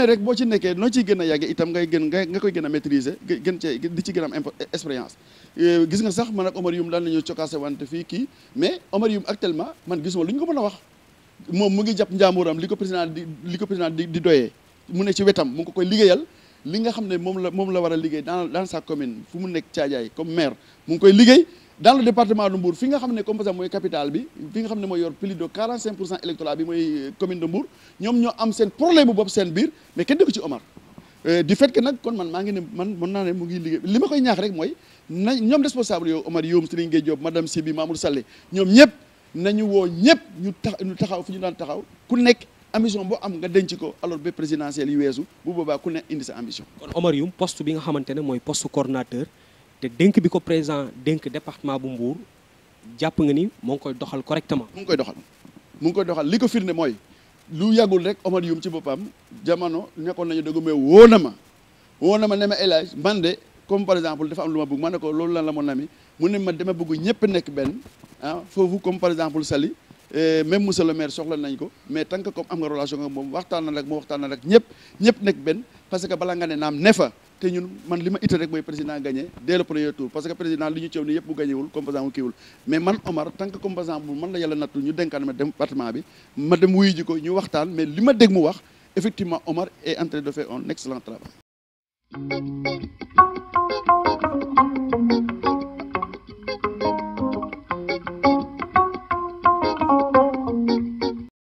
rek bo ci nekké no ci gëna yagg itam ngay gën nga koy gëna maîtriser gën ci di ci gëna am expérience gis nga sax man ak Omar Youm daan nañu ciokassé wante fi ki mais Omar Youm actuellement man gisuma luñ ko mëna wax mom mu ngi japp njaamuram liko président liko président di doyé mu ne ci wétam mu ngi ko koy ligéyal li nga xamné mom la mom la wara liguey dans dans sa commune fu mu nekk Thiadiaye comme maire mu ngi koy liggéey dans le département de Mbour fi nga xamné comme ça moy capitale bi fi nga xamné moy yor plus de 45 pour bi moy euh, commune de Mbour ñom ñoo am sen problème bu sen seen biir mais kenn dëkk ci Omar euh du fait que nak kon man ma ngi ne man mën naa mu ngi liguey li ma koy ñaax rek moy ñom responsable yow Omar Youm Serigne Gueye madame Sibi Mamour Sallé ñom ñep nañu wo ñep ñu taxaw fi ñu dan taxaw ku nek ambition boo am nga denc ko alors ba présidentielle yu weesu bu boobaa ku ne indi sa ambition. kon Omar Youm poste bi nga xamante ne mooy poste coordonnateur te dénk bi ko président dénk département bu Mbour jàpp nga ni moo ngi koy doxal correctement. mu ngi koy doxal mu ngi koy doxal li ko firnde mooy lu yàggul rek Omar Youm ci boppam jamono nekkoon nañu dëgg mais woo na ma woo na ma ne ma El Hadj man de comme par exemple dafa am lu ma bëgg ma ne ko loolu lan la mon ami mu ne ma dama bëgg ñëpp nekk benn ah foofu comme par exemple même monsieur le maire soxla nañ ko mais tant que comme am nga relation avons mom waxtan na rek parce que nous nga né pas ñun man président gagné dès le premier tour parce que président li ñu gagné composant mais man Omar tant que composant bu man la yalla natul ñu denkan département bi mais dégg mu effectivement Omar est en train de faire un excellent travail.